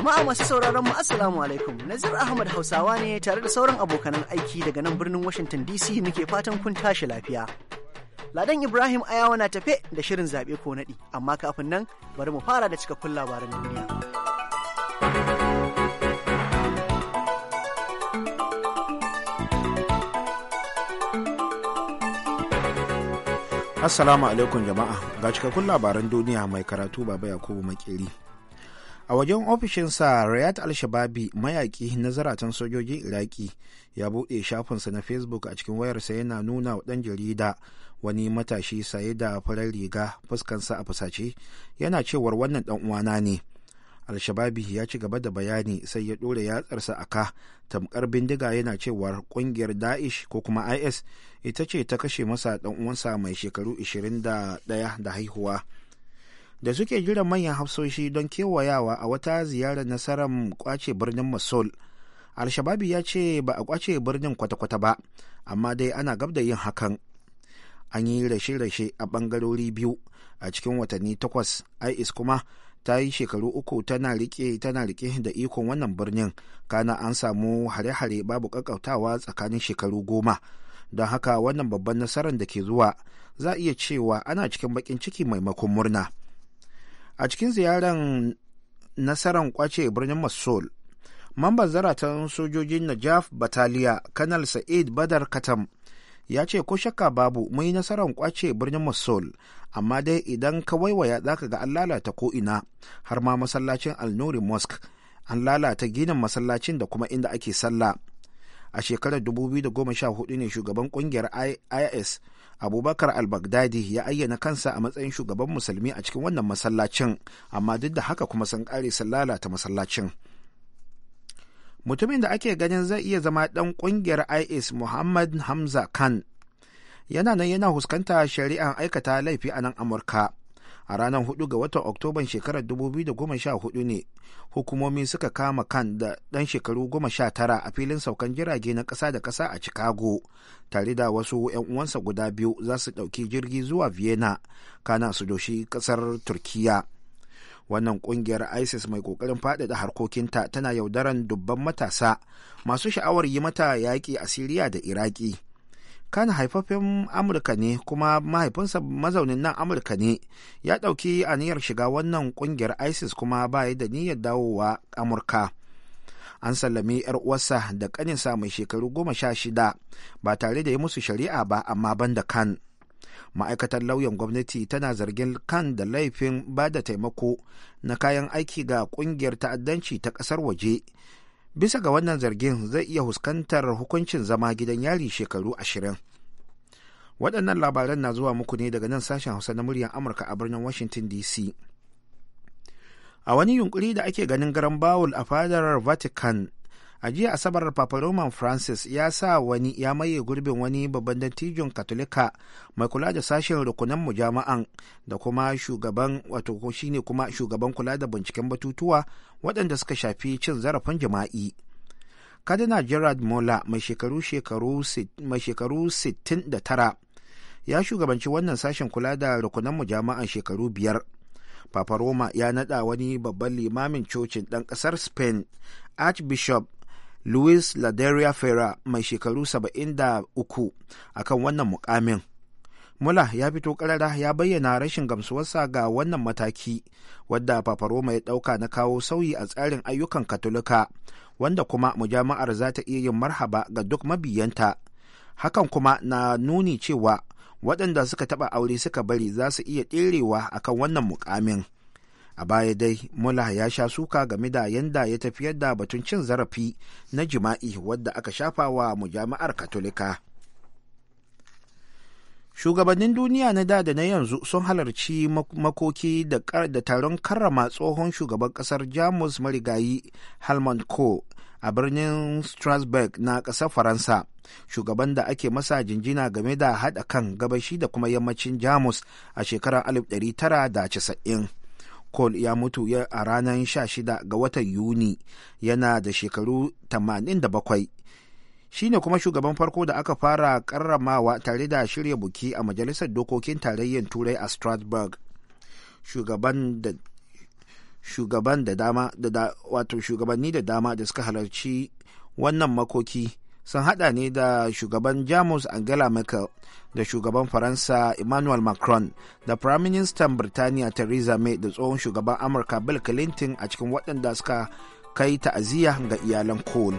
Jama'a masu sauraron mu Assalamu alaikum. Nazir Ahmad Hausawa ne tare da sauran abokan aiki daga nan birnin Washington DC muke fatan kun tashi lafiya. Ladan Ibrahim Ayawa na tafe da shirin zaɓe ko naɗi, amma kafin nan bari mu fara da cikakkun labaran duniya. Assalamu alaikum jama'a, ga cikakkun labaran duniya mai karatu Baba Yakubu Makeri. a wajen ofishinsa riyad al-shababi mayaki na zaratan sojojin iraki ya buɗe shafinsa na facebook a cikin wayarsa yana nuna wa ɗan jarida wani matashi saye da farar riga fuskansa a fusace yana cewar wannan ɗan uwana ne al-shababi ya ci gaba da bayani sai ya ɗora yatsarsa a ka tamkar bindiga yana cewa ƙungiyar da'ish ko kuma is ita ce ta kashe masa ɗan uwansa mai shekaru 21 da haihuwa. da suke jiran manyan hafsoshi don kewayawa a wata ziyarar nasarar kwace birnin mosul alshababi ya ce ba a kwace birnin kwata-kwata ba amma dai ana gab da yin hakan an yi rashe-rashe a bangarori biyu a cikin watanni takwas is kuma ta yi shekaru uku tana rike tana rike da ikon wannan birnin kana an samu hare-hare babu kakkautawa tsakanin shekaru goma don haka wannan babban nasarar da ke zuwa za a iya cewa ana cikin bakin ciki maimakon murna a cikin ziyarar nasarar kwace birnin mosul mamban zaratan sojojin najaf bataliya kanal sa'id badar katam ya ce ko shakka babu mun nasarar kwace birnin mosul amma dai idan ka waiwaya zaka ga an lalata ko ina har ma masallacin alnuri mosque an lalata ginin masallacin da kuma inda ake sallah a shekarar 2014 ne shugaban kungiyar is abubakar al-baghdadi ya ayyana kansa a matsayin shugaban musulmi a cikin wannan masallacin amma duk da haka kuma sun kare sun lalata masallacin mutumin da ake ganin zai iya zama dan kungiyar is muhammad hamza khan yana nan yana huskanta shari'an aikata laifi a nan amurka a ranar 4 ga watan oktoban shekarar 2014 ne hukumomi suka kama kan da dan shekaru 19 a filin saukan jirage na kasa da kasa a chicago tare da wasu 'yan uwansa guda biyu za su dauki jirgi zuwa vienna kana su doshi kasar turkiya wannan kungiyar isis mai kokarin faɗaɗa harkokinta tana yaudaran dubban matasa masu sha'awar yi mata yaƙi a siriya da iraki kan haifafen amurka ne kuma mahaifinsa mazaunin nan amurka ne ya ɗauki aniyar shiga wannan ƙungiyar isis kuma bayi da niyyar dawowa amurka an sallami yar uwarsa da ƙaninsa mai shekaru goma sha shida ba tare da yi musu shari'a ba amma ban da kan ma'aikatar lauyan gwamnati tana zargin kan da laifin ba da taimako na kayan aiki ga ƙungiyar ta'addanci ta ƙasar waje bisa ga wannan zargin zai iya huskantar hukuncin zama gidan yari shekaru ashirin waɗannan labaran na zuwa muku ne daga nan sashen hausa na muryar amurka a birnin washington dc a wani yunkuri da ake ganin garan bawul a fadar vatican a jiya asabar papa roman francis ya sa wani ya maye gurbin wani babban dattijon katolika mai kula da sashen rukunan jama'an da kuma shugaban wato shine kuma shugaban kula da binciken batutuwa waɗanda suka shafi cin zarafin jima'i kadina gerard mola mai shekaru shekaru mai shekaru 69 ya shugabanci wannan sashen kula da rukunan mujama'an shekaru biyar Papa Roma ya nada wani babban limamin cocin ɗan ƙasar Spain, Archbishop louis Laderia Fera mai shekaru saba'in 73 a kan wannan mukamin. Mula ya fito karara ya bayyana rashin gamsuwarsa ga wannan mataki wadda Paparoma ya ɗauka na kawo sauyi a tsarin ayyukan Katolika, wanda kuma mujama'ar za ta iya yin marhaba ga duk mabiyanta. Hakan kuma na nuni cewa waɗanda suka taɓa aure suka bari za su iya ɗerewa akan wannan mukamin. a baya dai mula ya sha suka game da yadda ya tafiyar da batun cin zarafi na jima'i wadda aka shafa wa mujami'ar katolika shugabannin duniya na da da na yanzu sun halarci makoki da taron karrama tsohon shugaban kasar jamus marigayi halman ko a birnin strasbourg na ƙasar faransa shugaban da ake masa jinjina game da haɗa kan gabashi da kuma yammacin jamus a shekarar 1990 Cole ya mutu a ranar 16 ga watan Yuni yana da shekaru 87. Shi ne kuma shugaban farko da aka fara karramawa tare da shirya buki a Majalisar Dokokin Tarayyar Turai a Strasbourg. Shugaban wato shugabanni da dama da suka halarci wannan makoki sun hada ne da shugaban jamus angela merkel da shugaban faransa emmanuel macron da prime minister birtaniya theresa may da tsohon shugaban amurka bill clinton a cikin waɗanda suka kai ta'aziyya ga iyalan cole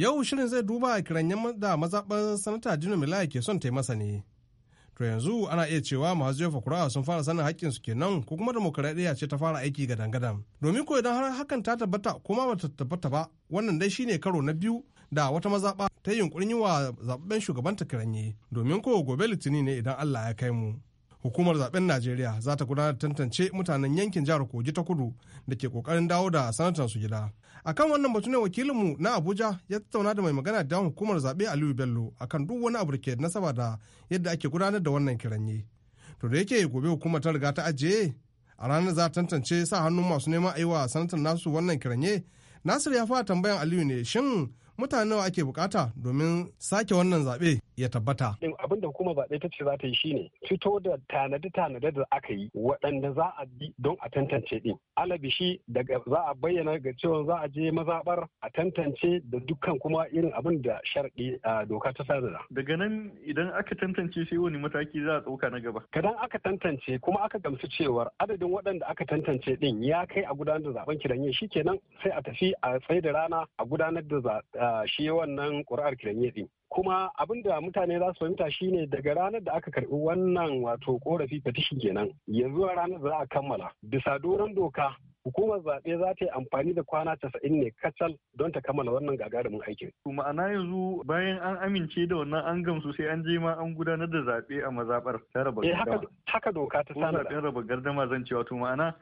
Yau shirin zai duba a kiranyen da mazaɓar sanata mai Milaya ke son masa ne. To yanzu ana iya cewa masu jefa kura'a sun fara sanin su kenan ko kuma demokaradiyya ce ta fara aiki ga dangadan. Domin ko idan har hakan ta tabbata ko ma bata tabbata ba wannan dai shine karo na biyu da wata mazaɓa ta yunkurin yi wa zaɓen shugabanta kiranye domin ko gobe litini ne idan Allah ya kai mu. hukumar zaben najeriya za ta gudanar tantance mutanen yankin jihar kogi ta kudu da ke kokarin dawo da sanatan su gida A kan wannan batu ne wakilinmu na abuja ya tattauna da mai magana da hukumar zaɓe aliyu bello akan duk wani abu da ke nasaba da yadda ake gudanar da wannan kiranye to da yake gobe hukumar ta riga ta ajiye a ranar za ta tantance sa hannun masu neman aiwa sanatan nasu wannan kiranye nasir ya fara tambayan aliyu ne shin mutane nawa ake bukata domin sake wannan zaɓe ya tabbata. Abin da hukumar zaɓe ta ce za ta yi shi ne. fito da tanade-tanade da aka yi waɗanda za a bi don a tantance ɗin. Alabi shi daga za a bayyana ga cewa za a je mazaɓar a tantance da dukkan kuma irin abin da sharɗi a doka ta sadara. Daga nan idan aka tantance sai wani mataki za a ɗauka na gaba. Kadan aka tantance kuma aka gamsu cewar adadin waɗanda aka tantance ɗin ya kai a gudanar da zaɓen kiranye shi kenan sai a tafi a tsaye da rana a gudanar da shi wannan ƙuri'ar kiranye ɗin. kuma abin da mutane za su fahimta shine daga ranar da aka karbi wannan wato korafi fetishin kenan yanzu ranar za a kammala bisa doron doka hukumar zaɓe za ta yi amfani da kwana casa'in ne kacal don ta kammala wannan gagarumin aikin. ma'ana yanzu bayan an amince da wannan an gamsu sai an je ma an gudanar da zaɓe a mazaɓar ta raba eh, gardama. haka doka ta sanar. zaɓen raba gardama zan cewa wato ma'ana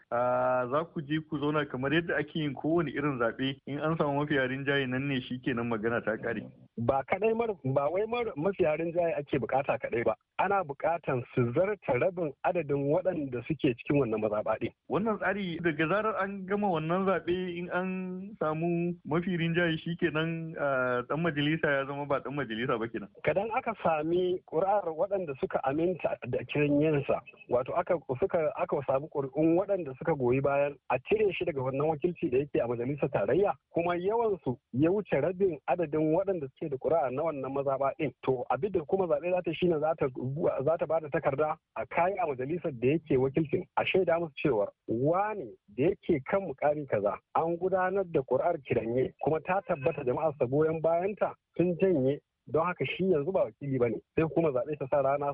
za ku je ku zauna kamar yadda ake yin kowane irin zaɓe in an samu mafiya rinjaye nan ne shi kenan magana ta ƙare. ba kadai ba wai mafiya rinjaye ake bukata kaɗai ba ana bukatan su zarta rabin adadin waɗanda suke cikin wannan mazaɓa Wannan tsari daga zarar an gama wannan zaɓe in an samu mafi rinjaye shi kenan dan majalisa ya zama ba dan majalisa ba kenan. Kadan aka sami ƙuri'ar waɗanda suka aminta da kiranyensa wato aka suka aka samu ƙuri'un waɗanda suka goyi bayan a cire shi daga wannan wakilci da yake a majalisar tarayya kuma yawan su ya wuce rabin adadin waɗanda suke da ƙuri'a na wannan mazaɓa ɗin to abin da kuma zaɓe za ta shine za ta za ta bada takarda a kayan a majalisar da yake wakilcin a shaida musu cewa wane da ya yake kan mukami kaza an gudanar da ƙuri'ar kiranye kuma ta tabbata jama'ar sa goyon bayanta sun janye don haka shi yanzu ba wakili ba ne sai kuma zaɓe ta sa rana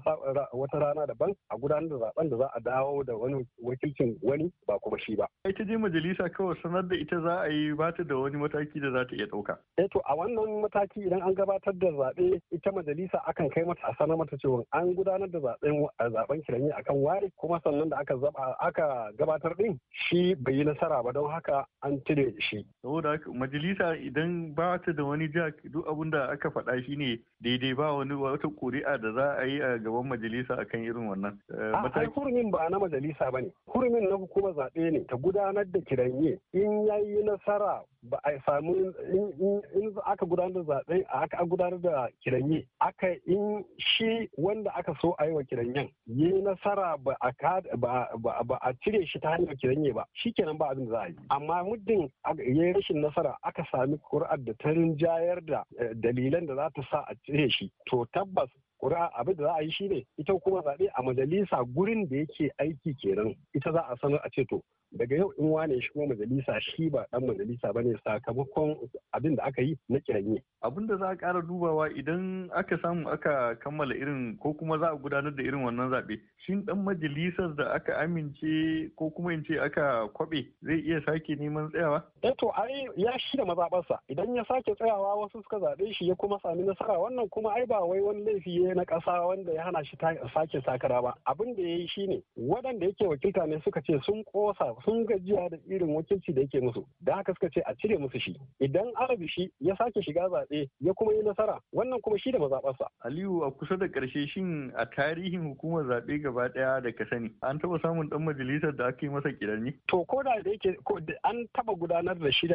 wata rana daban a gudanar da zaben da za a dawo da wani wakilcin wani ba kuma shi ba. ita je majalisa kawai sanar da ita za a yi ba ta da wani mataki da za ta iya ɗauka. e to a wannan mataki idan an gabatar da zaɓe ita majalisa akan kai mata a sanar mata cewa an gudanar da zaɓen zaben kiranye akan ware kuma sannan da aka zaba aka gabatar din shi bai yi nasara ba don haka an cire shi. saboda majalisa idan ba ta da wani jak duk abin da aka faɗa shi ne ne daidai ba wani wata kuri'a da za a yi a gaban majalisa akan irin wannan. Eh, ai kurmin ba na majalisa ba ne. Kurmin na hukumar zaɓe ne ta gudanar da kiranye in ya yi nasara ba a samu in aka gudanar da zaɓe a aka gudanar da kiranye aka in shi wanda aka so a yi wa kiranyen yi nasara ba a cire shi ta hanyar kiranye ba shi kenan ba abin za a yi amma muddin ya yi rashin nasara aka sami ƙuri'ar da ta rinjayar da eh, dalilan da za ta sa a cire shi to tabbas ƙuri'a abin da za a yi shine ita kuma zaɓe a majalisa gurin da yake aiki kenan ita za a sanar a ce to daga yau in wane shi kuma majalisa shi ba dan majalisa bane sakamakon abin da aka yi na kiranye abin da za a ƙara dubawa idan aka samu aka kammala irin ko kuma za a gudanar da irin wannan zaɓe shin dan majalisar da aka amince ko kuma in ce aka kwabe zai iya sake neman tsayawa eh to ai ya shi da mazaɓarsa idan ya sake tsayawa wasu suka zaɓe shi ya kuma sami nasara wannan kuma ai ba wai wani laifi ya na ƙasa wanda ya hana shi sake sakara ba abin da ya yi shine waɗanda yake wakilta ne suka ce sun ƙosa sun gajiya da irin wakilci da yake musu da haka suka ce a cire musu shi idan arabi shi ya sake shiga zaɓe ya kuma yi nasara wannan kuma shi da mazaɓarsa. aliyu a kusa da ƙarshe shin a tarihin hukumar zaɓe gaba ɗaya da ka sani an taɓa samun ɗan majalisar da aka yi masa kirani. to ko da da yake an taɓa gudanar da shi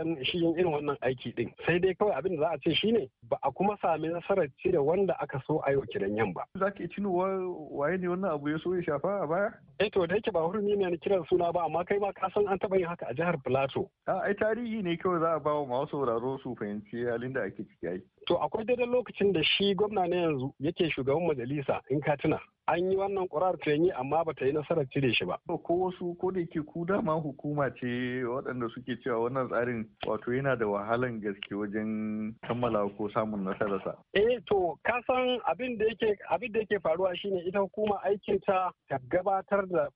irin wannan aiki ɗin sai dai kawai abin da za a ce shine ba a kuma sami nasarar cire wanda aka so a yau kiran ba. Za ka iya waye ne wannan abu ya so ya shafa a baya? Eh to da yake ba hurumi ne na kiran suna ba amma kai ma ka san an taɓa yin haka a jihar Plateau. A ah, ai tarihi ne kawai za a ba wa masu sauraro su fahimci halin da ake ciki ai. To akwai daidai lokacin da shi gwamna na yanzu yake shugaban majalisa in ka An yi wannan ƙurar yi amma ba ta yi nasarar cire shi ba. Ko wasu ko da yake ku dama hukuma ce waɗanda suke cewa wannan tsarin wato yana da wahalan gaske wajen kammala ko samun nasararsa. Eh to ka san abin da yake abin da yake faruwa shine ita hukuma aikin ta ta gabatar da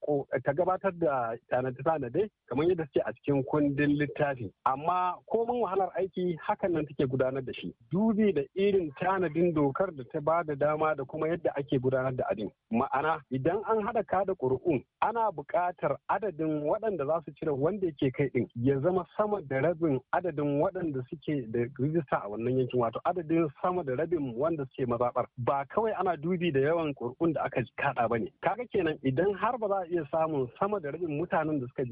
ta gabatar da tanade kamar yadda suke a cikin kundin littafi amma komin wahalar aiki hakan nan take gudanar da shi. dubi da irin tanadin dokar da ta ba da dama da kuma yadda ake gudanar da abin. Ma'ana idan an haɗa da ƙuri'un ana buƙatar adadin waɗanda za su cire wanda yake kai ɗin ya zama sama da rabin adadin waɗanda suke da rijista a wannan yankin wato adadin sama da rabin wanda suke mazaɓar ba kawai ana dubi da yawan ƙuri'un da aka kaɗa ba ne. Kaga kenan idan har ba za a iya samun sama da rabin mutanen da suka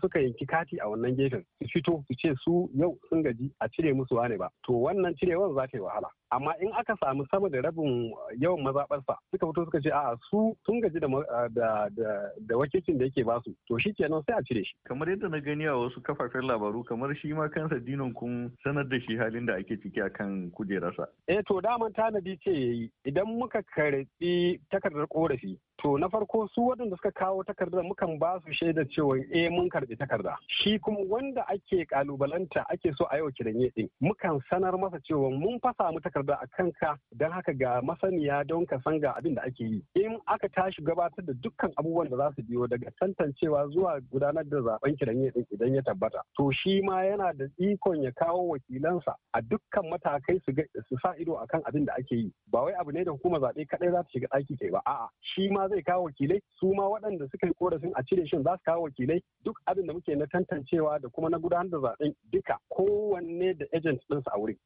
suka yanki kati a wannan gefen su fito su ce su yau sun gaji a cire musu wane ba to wannan cirewar za ta wahala amma in aka samu sama da rabin yawan mazaɓarsa suka fito suka ce a su sun gaji da wakilcin da yake basu to shi kenan sai a cire shi kamar yadda na gani a wasu kafafen labaru kamar shi ma kansa dinon kun sanar da shi halin da ake ciki akan kujerarsa eh to daman tanadi ce yayi idan muka karɓi takardar korafi to na farko su waɗanda suka kawo takardar mukan ba su shaidar cewa eh mun karɓi takarda shi kuma wanda ake kalubalanta ake so a yau kiranye din mukan sanar masa cewa mun fa samu takarda a kanka don haka ga masaniya don ka san ga abin da ake yi in aka tashi gabatar da dukkan abubuwan da za su biyo daga tantancewa zuwa gudanar da zaben kiranye din idan ya tabbata to shi ma yana da ikon ya kawo wakilansa a dukkan matakai su sa ido akan abin da ake yi ba wai abu ne da hukumar zaɓe kaɗai za ta shiga ɗaki kai ba a'a shi ma zai kawo wakilai su ma waɗanda suka yi korafin a cire shin za su kawo wakilai duk abin da muke na tantancewa da kuma na gudanar da zaɓen duka kowanne da agent su a wurin.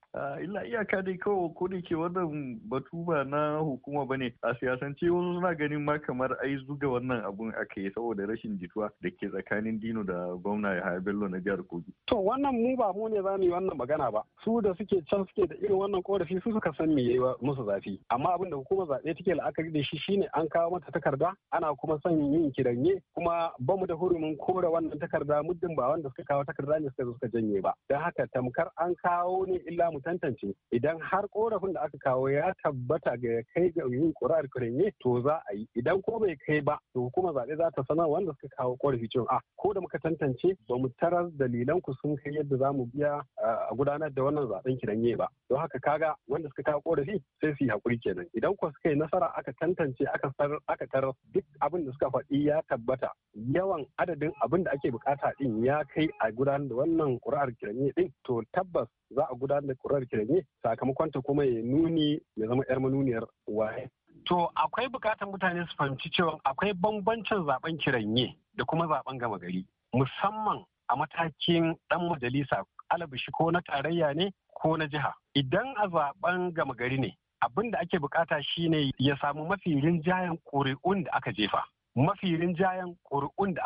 illa iyaka dai kawai ko da ke wannan batu ba na hukuma ba ne a siyasance wasu suna ganin ma kamar ai zuga wannan abun aka yi saboda rashin jituwa da ke tsakanin dino da gwamna ya bello na jihar kogi. to wannan mu ba mu ne za mu yi wannan magana ba su da suke can suke da irin wannan korafi su suka san me ya yi musu zafi amma abin da hukumar zaɓe take la'akari da shi shine an kawo mata takarda ana kuma son yin kiranye kuma ba mu da hurumin kore wannan takarda muddin ba wanda suka kawo takarda ne suka zo suka janye ba don haka tamkar an kawo ne illa mu tantance idan har korafin da aka kawo ya tabbata ga kai ga yin ƙuri'ar kiranye to za a yi idan ko bai kai ba to kuma zaɓe za ta sanar wanda suka kawo korafi cewa a ah, ko da muka tantance ba mu tarar dalilan ku sun kai yadda za mu biya a ah, gudanar da wannan zaben kiranye ba don haka kaga wanda suka kawo korafi sai su yi hakuri kenan idan ko suka yi nasara aka tantance aka ka duk abin da suka faɗi ya tabbata yawan adadin abin da ake bukata din ya kai a gudanar da wannan ƙuri'ar kiranye din to tabbas za a gudanar da ƙuri'ar kiranye sakamakon ta kuma ya nuni ya zama yar manuniyar waye to akwai bukatar mutane su fahimci cewa akwai bambancin zaben kiranye da kuma zaben gama gari musamman a matakin ɗan majalisa alabishi ko na tarayya ne ko na jiha idan a zaben gama gari ne abin da ake bukata shine ya samu mafi rinjayen ƙuri'un da aka jefa mafi rinjayen ƙuri'un da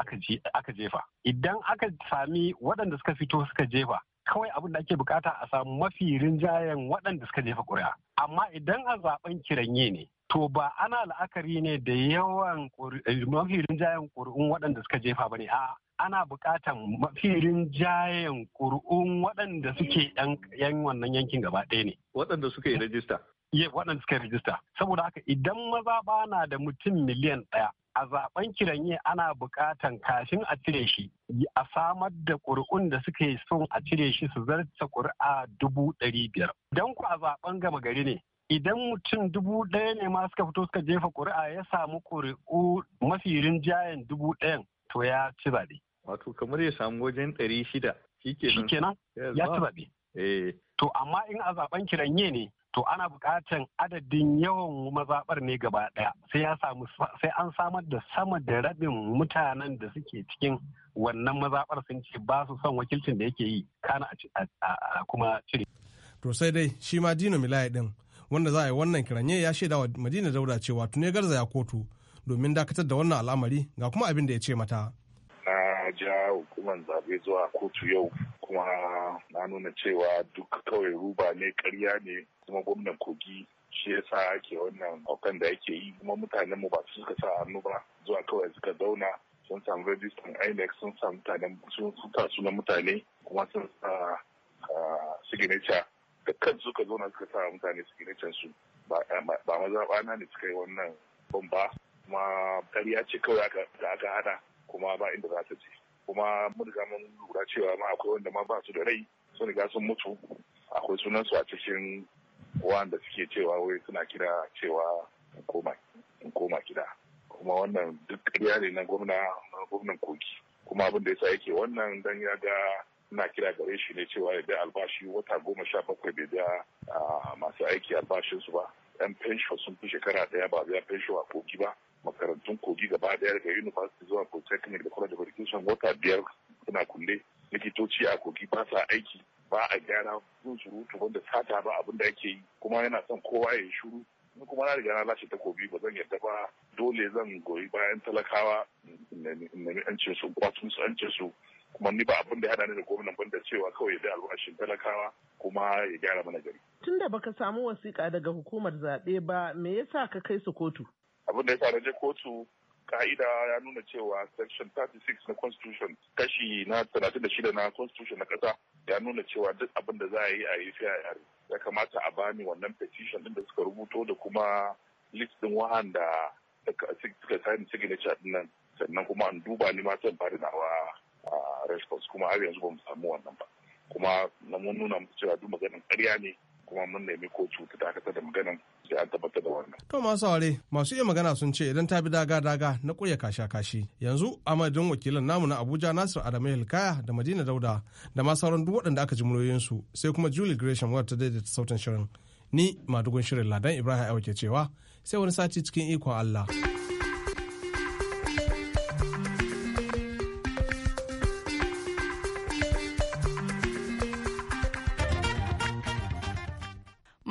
aka jefa idan aka sami waɗanda suka fito suka jefa kawai abin da ake bukata a samu mafi rinjayen waɗanda suka jefa ƙuri'a amma idan a zaben kiranye ne to ba ana la'akari ne da yawan eh, mafi jayen ƙuri'un waɗanda suka jefa ba ne a ana buƙatan mafi jayen ƙuri'un waɗanda suke yan wannan yankin gaba ɗaya ne waɗanda suka yi rajista ye waɗanda suka yi rajista saboda haka idan maza ba na da mutum miliyan ɗaya a zaben kiranye ana buƙatan kafin a cire shi a samar da ƙuri'un da suka yi son a cire shi su zarta ƙuri'a dubu ɗari biyar. Don ku a zaben gama gari ne idan mutum dubu ɗaya ne ma suka fito suka jefa ƙuri'a ya samu ƙuri'u mafi rinjayen dubu ɗayan to ya ci zaɓe. Wato kamar ya samu wajen ɗari shida. kenan ya ci zaɓe. Eh. To amma in a zaben kiranye ne to ana buƙatan adadin yawan mazaɓar ne gaba ɗaya sai ya samu sai an samar da sama da rabin mutanen da suke cikin wannan mazaɓar sun ce ba su son wakilcin da yake yi kana a kuma cire. To sai dai shi ma Dino Milaya ɗin wanda za a yi wannan kiranye ya shaida wa madina dauda cewa tuni garzaya kotu domin dakatar da wannan al'amari ga kuma abin da ya ce mata na ja hukumar zabe zuwa kotu yau kuma na nuna cewa duk kawai ruba ne karya ne kuma gwamnan kogi shi ya sa ake wannan aukan da ake yi kuma mutanen mu ba su suka sa hannu ba zuwa kawai suka zauna sun samu rajistan inec sun samu mutanen sun sunan mutane kuma sun sa ah, signature da kan ka zauna suka sa mutane su gina su ba mazaɓa na ne suka wannan bomba kuma ƙarya ce kawai da aka hada kuma ba inda za ta je kuma mun riga mun lura cewa ma akwai wanda ma ba su da rai sun riga sun mutu akwai sunan su a cikin wanda suke cewa wai suna kira cewa in koma gida kuma wannan duk ƙarya ne na gwamna gwamnan kogi kuma abin da ya yasa yake wannan dan ya ga ina kira gare shi ne cewa ya biya albashi wata goma sha bakwai bai biya masu aiki albashinsu ba yan fensho sun fi shekara daya ba biya fensho a kogi ba makarantun kogi gaba daya daga university zuwa polytechnic da college of education wata biyar suna kulle likitoci a kogi ba sa aiki ba a gyara sun surutu wanda sata ba abin da ake yi kuma yana son kowa ya yi shuru in kuma na riga na lashe kogi ba zan yarda ba dole zan goyi bayan talakawa na yancin su kwatun su yancin su kuma ni ba abin da ya hada ni da gwamnan ban da cewa kawai ya bi albashin talakawa kuma ya gyara mana gari. Tun da baka samu wasiƙa daga hukumar zaɓe ba me yasa ka kai su kotu? Abin da ya na je kotu ka'ida ya nuna cewa section 36 na constitution kashi na 36 na constitution na ƙasa ya nuna cewa duk abin da za a yi a yi fiya ya kamata a bani wannan petition din da suka rubuto da kuma list din wahanda suka signature din nan sannan kuma an duba ni ma zan bari nawa a response kuma har yanzu ba mu samu wannan ba kuma na mun nuna musu cewa duk maganin ƙarya ne kuma mun nemi kotu ta dakatar da maganan sai an tabbatar da wannan. To masu aure masu iya magana sun ce idan ta bi daga daga na ƙurya kasha kashi yanzu a madadin wakilan namu na Abuja Nasir Adamu Hilkaya da Madina Dauda da ma sauran duk waɗanda aka ji muryoyinsu sai kuma Julie Gresham wadda ta daidaita sautin shirin. Ni madugun shirin Ladan Ibrahim Awa ke cewa sai wani sati cikin ikon Allah.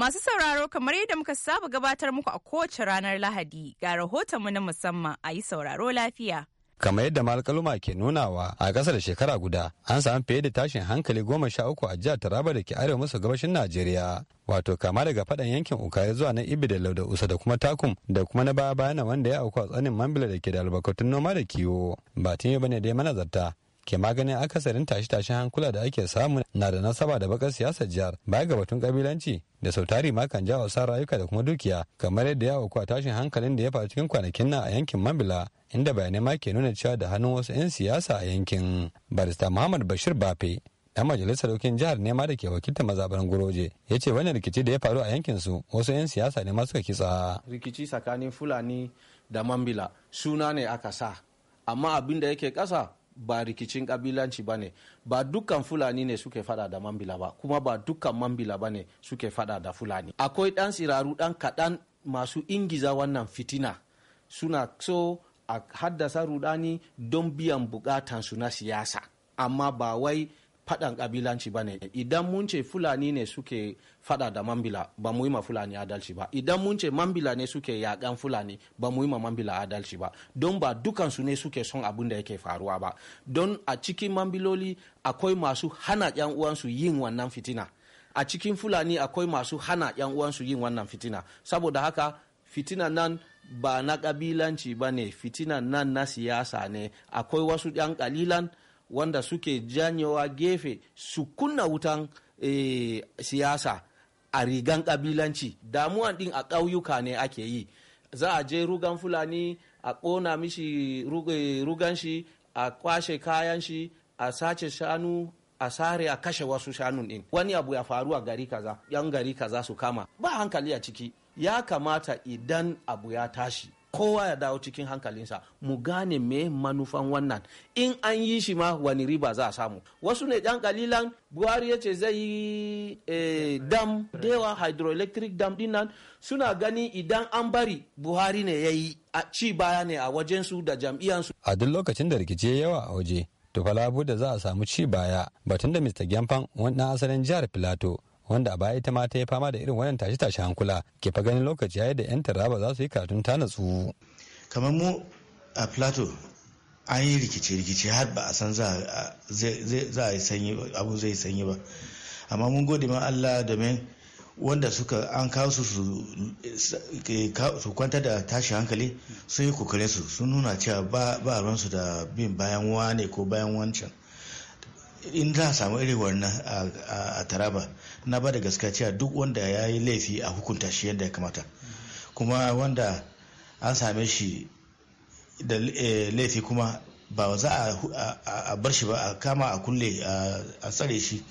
Masu sauraro kamar yadda muka saba gabatar muku a kowace ranar Lahadi ga rahotonmu na musamman a yi sauraro lafiya. kamar yadda malkaluma ke nunawa a ƙasa da shekara guda an samu fiye da tashin hankali goma sha uku a jihar taraba da ke arewa maso gabashin najeriya wato kama daga faɗan yankin ukari zuwa na ibi da lauda usa da kuma takum da kuma na baya bayanan wanda ya auku a tsanin mambila da ke da albarkatun noma da kiwo ba tun yi bane dai manazarta ke maganin akasarin tashe-tashen hankula da ake samu na da nasaba da bakar siyasar jihar baya ga batun kabilanci da sautari ma kan jawo sa rayuka da kuma dukiya kamar yadda ya auku a tashin hankalin da ya faru cikin kwanakin nan a yankin mambila inda bayanai ma ke nuna cewa da hannun wasu 'yan siyasa a yankin barista muhammad bashir bafe dan majalisar dokin jihar ne ma da ke wakiltar mazaɓar guroje ya ce wannan rikici da ya faru a yankin su wasu 'yan siyasa ne ma suka kitsa rikici tsakanin fulani da mambila suna ne aka sa amma abin da yake ƙasa ba rikicin kabilanci ba ne ba dukkan fulani ne suke fada da mambila ba kuma ba dukkan mambila ba ne suke fada da fulani akwai dan siraru dan kaɗan masu ingiza wannan fitina suna so a haddasa rudani don biyan bukatansu na siyasa amma ba wai faɗan kabilanci ba ne idan mun ce fulani ne suke faɗa da mambila ba mu yi ma fulani adalci ba idan mun ce mambila ne suke yakan fulani ba mu yi ma mambila adalci ba don ba dukansu ne suke son abin da yake faruwa ba don a cikin mambiloli akwai masu hana yan uwansu yin wannan fitina a cikin fulani akwai masu hana yan uwansu yin wannan fitina saboda haka fitina nan ba na kabilanci ba ne fitina nan na siyasa ne akwai wasu yan kalilan. wanda suke janyewa gefe su kunna wutan e, siyasa a rigan kabilanci damuwan din a ƙauyuka ne ake yi za a je rugan fulani a ƙona mishi rugan shi a kwashe kayan shi a sace shanu a sare a kashe wasu shanun din wani abu ya faru a gari kaza yan gari kaza su kama ba hankali a ciki ya kamata idan abu ya tashi kowa ya dawo cikin hankalinsa mu gane me manufan wannan in an yi shi ma wani riba za a samu wasu ne dan kalilan buhari ya ce zai yi eh, dam dewa hydroelectric dam nan suna gani idan an bari buhari ne ya yi a ci baya ne a wajensu da jam'iyyansu a duk lokacin da rikici yawa a waje to fa da za a samu ci baya batun da mr gyamfan wani asalin jihar plateau wanda a baya ita ma ta yi fama da irin wannan tashe-tashe hankula ke fa ganin lokaci yayi da 'yan taraba za su yi karatun ta natsu. kamar mu a plato an yi rikice-rikice har ba a san za a yi sanyi abu zai sanyi ba amma mun gode ma allah domin wanda suka an kawo su su kwanta da tashi hankali sun yi kokarin su sun nuna cewa ba a ransu da bin bayan wane ko bayan wancan in za a samu irin wannan a taraba na ba da gaskiya cewa duk wanda ya yi laifi a hukunta shi yadda ya kamata kuma wanda an same shi da eh, laifi kuma ba za a bar shi ba a kama a kulle a tsare shi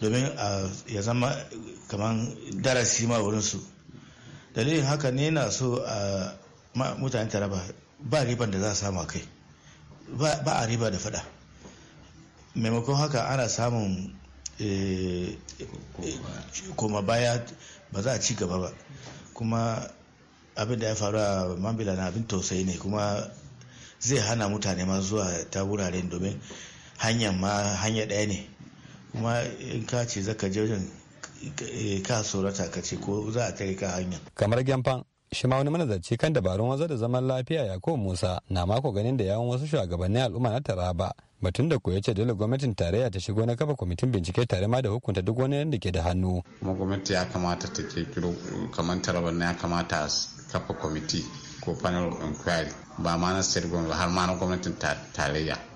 domin ya zama kamar darasi ma wurinsu dalilin haka ne na so a mutane taraba ba riban da za a samu kai ba a riba da fada maimakon haka ana samun Eh, koma baya ba za a ci gaba ba kuma abin da ya faru a mambila na abin tausayi ne kuma zai hana mutane ma zuwa ta wuraren domin hanyar ma hanya ɗaya ne kuma in ka ce zaka jirgin ka eh, sorata ka ce ko za a tare ka hanya kamar gyanfan shi ma wani manazarci kan dabarun wanzar da zaman lafiya ya ko musa na mako ganin da yawon wasu shugabannin al'umma na taraba batun da ko yace dole gwamnatin tarayya ta shigo na kafa kwamitin bincike tare ma da hukunta duk wani da ke da hannu. kuma gwamnati ya kamata ta ke kiro kamar taraba na ya kamata a kafa kwamiti ko panel of inquiry ba ma na state gwamnati har ma na gwamnatin tarayya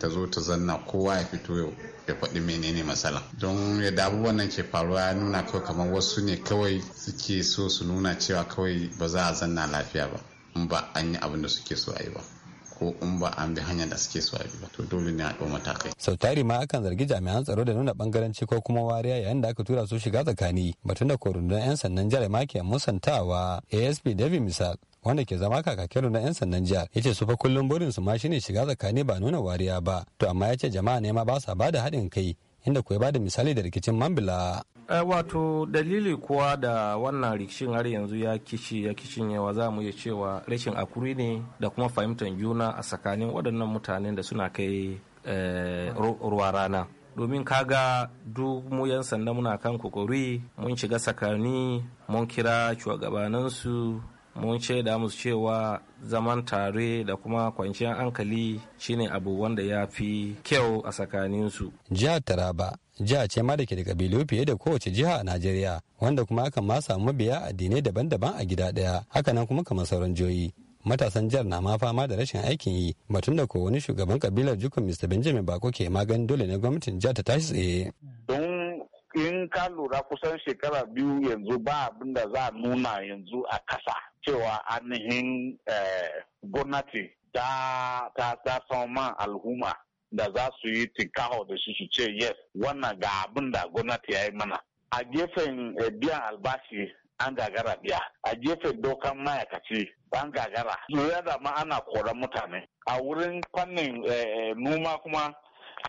ta zo ta zanna kowa ya fito ya faɗi menene matsala don ya abubuwan nan ke faruwa ya nuna kawai kamar wasu ne kawai suke so su nuna cewa kawai ba za a zanna lafiya ba in ba an yi abin da suke so a yi ba ko in ba an bi hanyar da suke so a bi to dole ne a ɗau matakai. sau tari ma akan zargi jami'an tsaro da nuna bangaranci ko kuma wariya yayin da aka tura su shiga tsakani batun da korundun 'yan sannan jihar ke musantawa asp david misal wanda ke zama kakakin na 'yan sannan jihar ya ce su fa kullum burin su ma shine shiga tsakani ba nuna wariya ba to amma ya ce jama'a ne ma ba sa ba da haɗin kai inda kuwa ya bada misali da rikicin mambila eh, wato dalili kuwa da wannan rikicin har yanzu ya kishi ya kishin yawa za mu iya cewa rashin akuri ne da kuma fahimtar juna a tsakanin waɗannan mutanen da suna kai eh, ruwa rana domin kaga duk mu yan sanda muna kan kokori mun shiga tsakani mun kira shugabaninsu mun shaida musu cewa zaman tare da kuma kwanciyar hankali shine abu wanda ya fi kyau a tsakaninsu. Jihar Taraba jiha ce ma da ke da kabilu fiye da kowace jiha a Najeriya wanda kuma akan ma samu mabiya addinai daban-daban a gida ɗaya hakanan kuma kamar sauran joyi matasan jihar na ma fama da rashin aikin yi batun da ko wani shugaban kabilar jukun mr benjamin bako ke magani dole ne gwamnatin jihar ta tashi tsaye don in ka lura kusan shekara biyu yanzu ba abin da za a nuna yanzu a kasa cewa ainihin eh, gwamnati ta ta sama al'umma da za su yi tinkaho da shi su ce yes wannan ga abin da gwamnati ya yi mana a gefen eh, biyan albashi an gagara biya a gefen dokan ma'aikaci an gagara lura da ma ana koran mutane a wurin fannin eh, noma kuma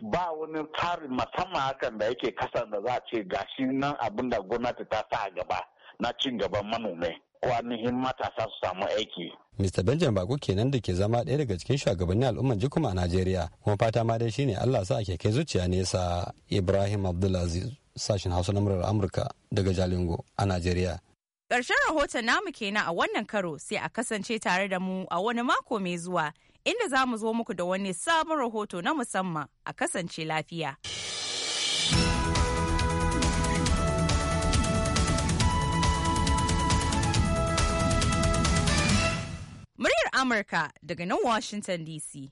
ba wani tsari musamman hakan da yake kasan da za a ce gashi nan abin da gwamnati ta sa gaba na cin gaban manomai ko ainihin matasa su samu aiki. Mr. Benjamin Bako kenan da ke zama ɗaya daga cikin shugabannin al'umman jikuma a Najeriya kuma fata ma dai ne Allah sa ake kai zuciya nesa Ibrahim Abdulaziz sashen Hausa na murar Amurka daga Jalingo a Najeriya. Ƙarshen rahoton namu kenan a wannan karo sai a kasance tare da mu a wani mako mai zuwa inda za mu zo muku da wani sabon rahoto na musamman a kasance lafiya. Muryar Amurka daga nan Washington DC.